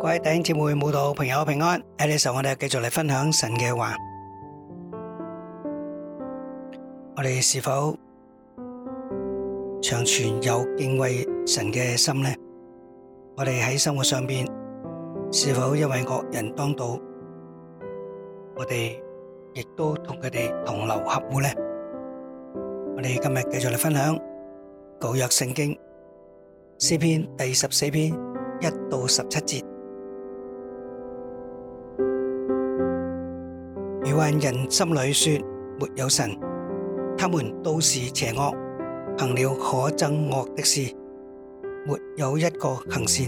各位弟兄姊妹、慕道朋友平安。喺呢時候，我哋繼續嚟分享神嘅話。我哋是否長存有敬畏神嘅心呢？我哋喺生活上邊是否因為惡人當道，我哋亦都同佢哋同流合污呢？我哋今日繼續嚟分享舊約聖經詩篇第十四篇一到十七節。慣人心裏說沒有神，他們都是邪惡，行了可憎惡的事，沒有一個行善。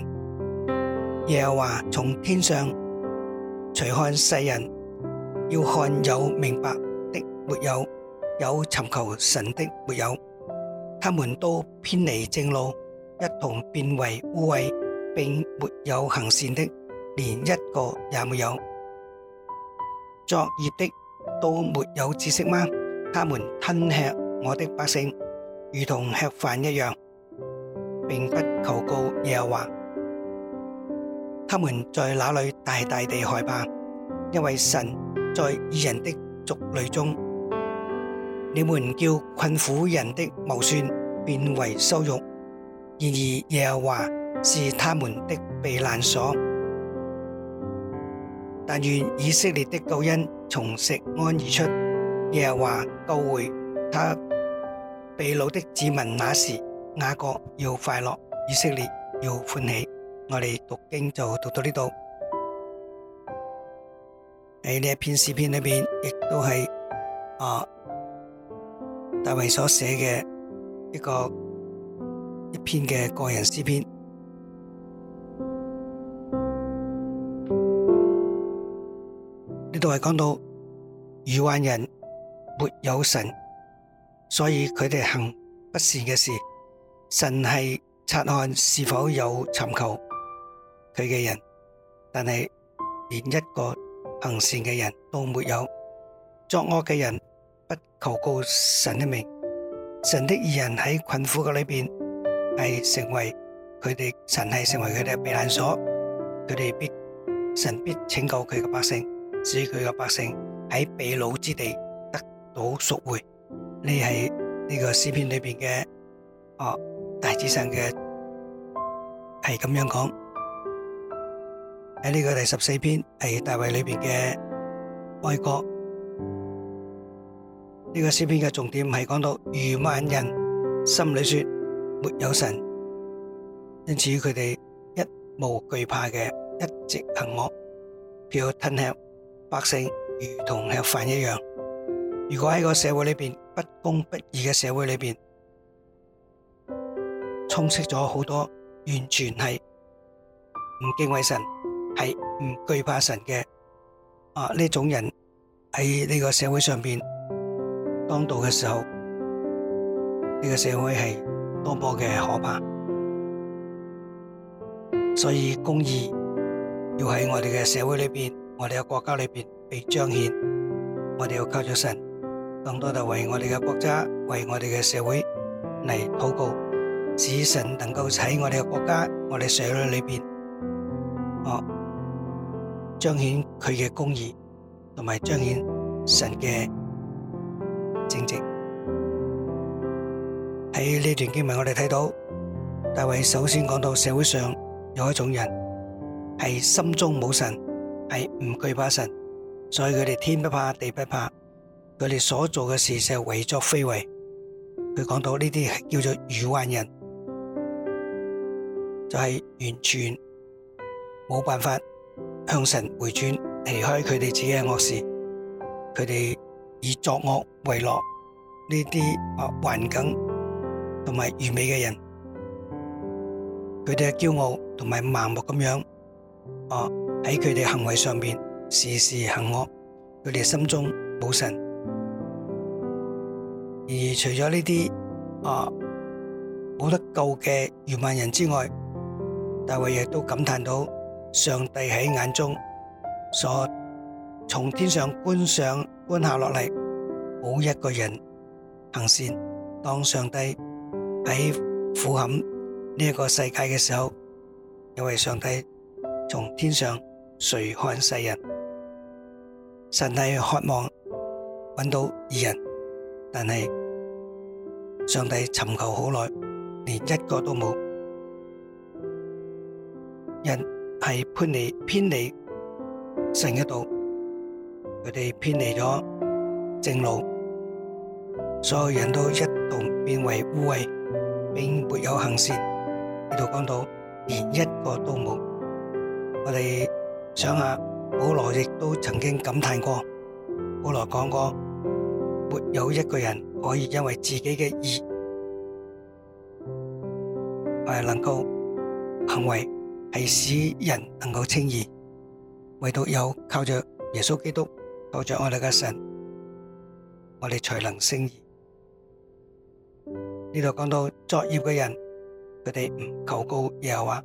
耶和華從天上除看世人，要看有明白的沒有，有尋求神的沒有，他們都偏離正路，一同變為污穢，並沒有行善的，連一個也沒有。作孽的都沒有知識嗎？他們吞吃我的百姓，如同吃飯一樣，並不求告耶和華。他們在那裏大大地害怕，因為神在義人的族類中，你們叫困苦人的謀算變為羞辱，然而耶和華是他們的避難所。但願以色列的救恩從錫安而出，耶和華救回他被擄的子民，那時雅各要快樂，以色列要歡喜。我哋讀經就讀到呢度。喺呢一篇詩篇裏面，亦都係啊大衛所寫嘅一個一篇嘅個人詩篇。呢度係講到愚頑人沒有神，所以佢哋行不善嘅事。神係察看是否有尋求佢嘅人，但係連一個行善嘅人都沒有。作惡嘅人不求告神的名，神的義人喺困苦嘅裏邊係成為佢哋神係成為佢哋避難所。佢哋必神必拯救佢嘅百姓。使佢嘅百姓喺被擄之地得到贖回，呢係呢個詩篇裏邊嘅哦，大致上嘅係咁樣講，喺呢個第十四篇係大衛裏邊嘅哀歌。呢、這個詩篇嘅重點係講到愚頑人心裏說沒有神，因此佢哋一無懼怕嘅，一直行惡叫吞吃。百姓如同吃飯一樣，如果喺個社會裏邊不公不義嘅社會裏邊，充斥咗好多完全係唔敬畏神，係唔懼怕神嘅啊，呢種人喺呢個社會上邊當道嘅時候，呢個社會係多麼嘅可怕！所以公義要喺我哋嘅社會裏邊。我哋嘅國家裏邊被彰顯，我哋要靠著神，更多就為我哋嘅國家、為我哋嘅社會嚟禱告，使神能夠喺我哋嘅國家、我哋社會裏邊，哦彰顯佢嘅公義，同埋彰顯神嘅正直。喺呢段經文，我哋睇到大衛首先講到社會上有一種人係心中冇神。係唔懼怕神，所以佢哋天不怕地不怕，佢哋所做嘅事就係違作非為。佢講到呢啲叫做愚頑人，就係、是、完全冇辦法向神回轉，離開佢哋自己嘅惡事，佢哋以作惡為樂。呢啲啊頑梗同埋愚昧嘅人，佢哋嘅驕傲同埋盲目咁樣。啊！喺佢哋行為上邊，時時行惡，佢哋心中冇神。而除咗呢啲啊冇得救嘅愚昧人之外，大衛亦都感嘆到，上帝喺眼中所從天上觀上、觀下落嚟，冇一個人行善。當上帝喺俯瞰呢一個世界嘅時候，因為上帝。從天上垂看世人，神係渴望搵到二人，但係上帝尋求好耐，連一個都冇。人係叛離偏離神嘅道，佢哋偏離咗正路，所有人都一同變為污穢，並沒有行善。呢度講到連一個都冇。我哋想下，保羅亦都曾經感嘆過。保羅講過，沒有一個人可以因為自己嘅意，而，能夠行為係使人能夠稱義。唯獨有靠着耶穌基督，靠着我哋嘅神，我哋才能稱義。呢度講到作孽嘅人，佢哋唔求告耶和華。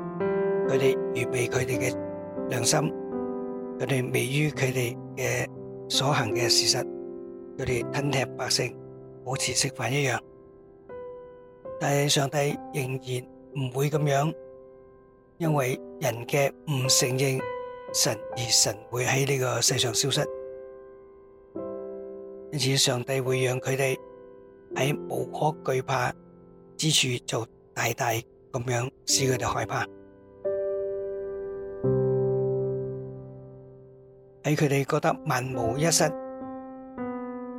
佢哋預備佢哋嘅良心，佢哋未於佢哋嘅所行嘅事實，佢哋吞吃百姓，好似食飯一樣。但係上帝仍然唔會咁樣，因為人嘅唔承認神，而神會喺呢個世上消失。因此，上帝會讓佢哋喺無可懼怕之處，就大大咁樣使佢哋害怕。喺佢哋覺得萬無一失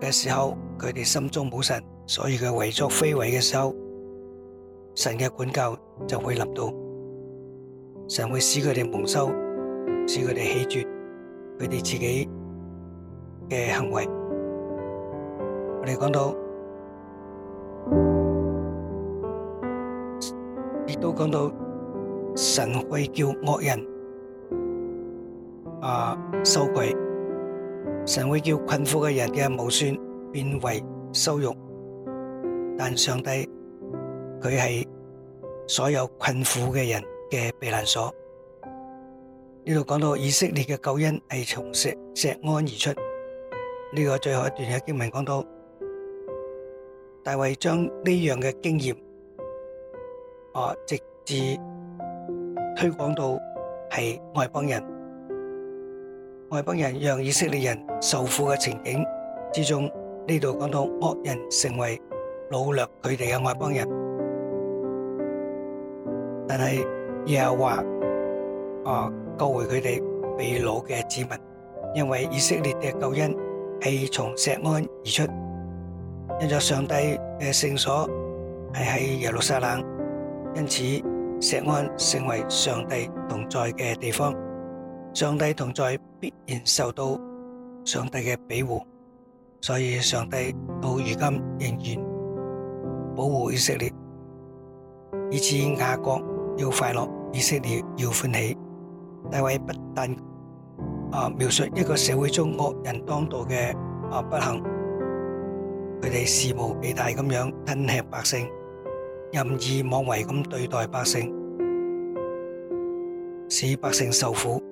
嘅時候，佢哋心中冇神，所以佢胡作非為嘅時候，神嘅管教就會臨到，神會使佢哋蒙羞，使佢哋棄絕佢哋自己嘅行為。我哋講到，亦都講到，神會叫惡人。啊，羞愧！神會叫困苦嘅人嘅無算變為羞辱，但上帝佢係所有困苦嘅人嘅避難所。呢度講到以色列嘅救恩係從錫錫安而出。呢個最後一段嘅經文講到，大衛將呢樣嘅經驗啊，直至推廣到係外邦人。外邦人讓以色列人受苦嘅情景之中，呢度講到惡人成為擄掠佢哋嘅外邦人，但係亦係話，啊救回佢哋被擄嘅子民，因為以色列嘅救恩係從錫安而出，因為上帝嘅聖所係喺耶路撒冷，因此錫安成為上帝同在嘅地方。上帝同在，必然受到上帝嘅庇護，所以上帝到如今仍然保護以色列，以致雅各要快樂，以色列要歡喜。大衛不但啊描述一個社會中惡人當道嘅啊不幸，佢哋肆無忌憚咁樣吞吃百姓，任意妄為咁對待百姓，使百姓受苦。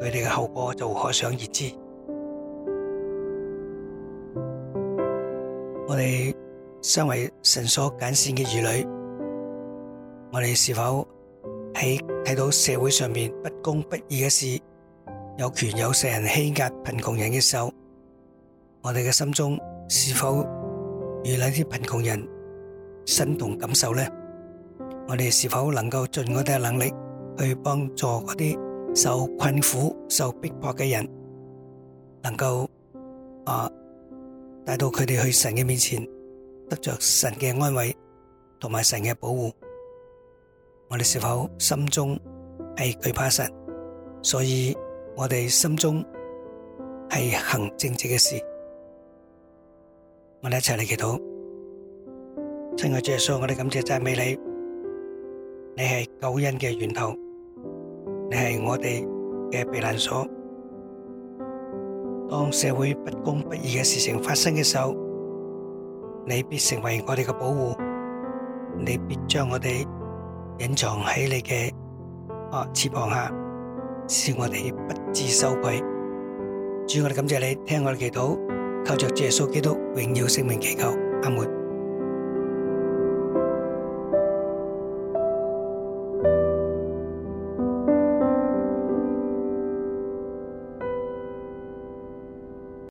佢哋嘅後果就可想而知。我哋身為神所揀選嘅兒女，我哋是否喺睇到社會上面不公不義嘅事，有權有勢人欺壓貧窮人嘅時候，我哋嘅心中是否與那啲貧窮人身同感受呢？我哋是否能夠盡我哋嘅能力去幫助嗰啲，受困苦、受逼迫嘅人，能夠啊帶到佢哋去神嘅面前，得着神嘅安慰同埋神嘅保護。我哋是否心中係懼怕神？所以我哋心中係行正直嘅事。我哋一齊嚟祈禱，親愛的耶穌，我哋感謝讚美你，你係救恩嘅源頭。你係我哋嘅避難所，當社會不公不義嘅事情發生嘅時候，你必成為我哋嘅保護，你必將我哋隱藏喺你嘅啊翅膀下，使我哋不至羞愧。主，我哋感謝你，聽我哋祈禱，靠着主耶穌基督榮耀聖名祈求，阿門。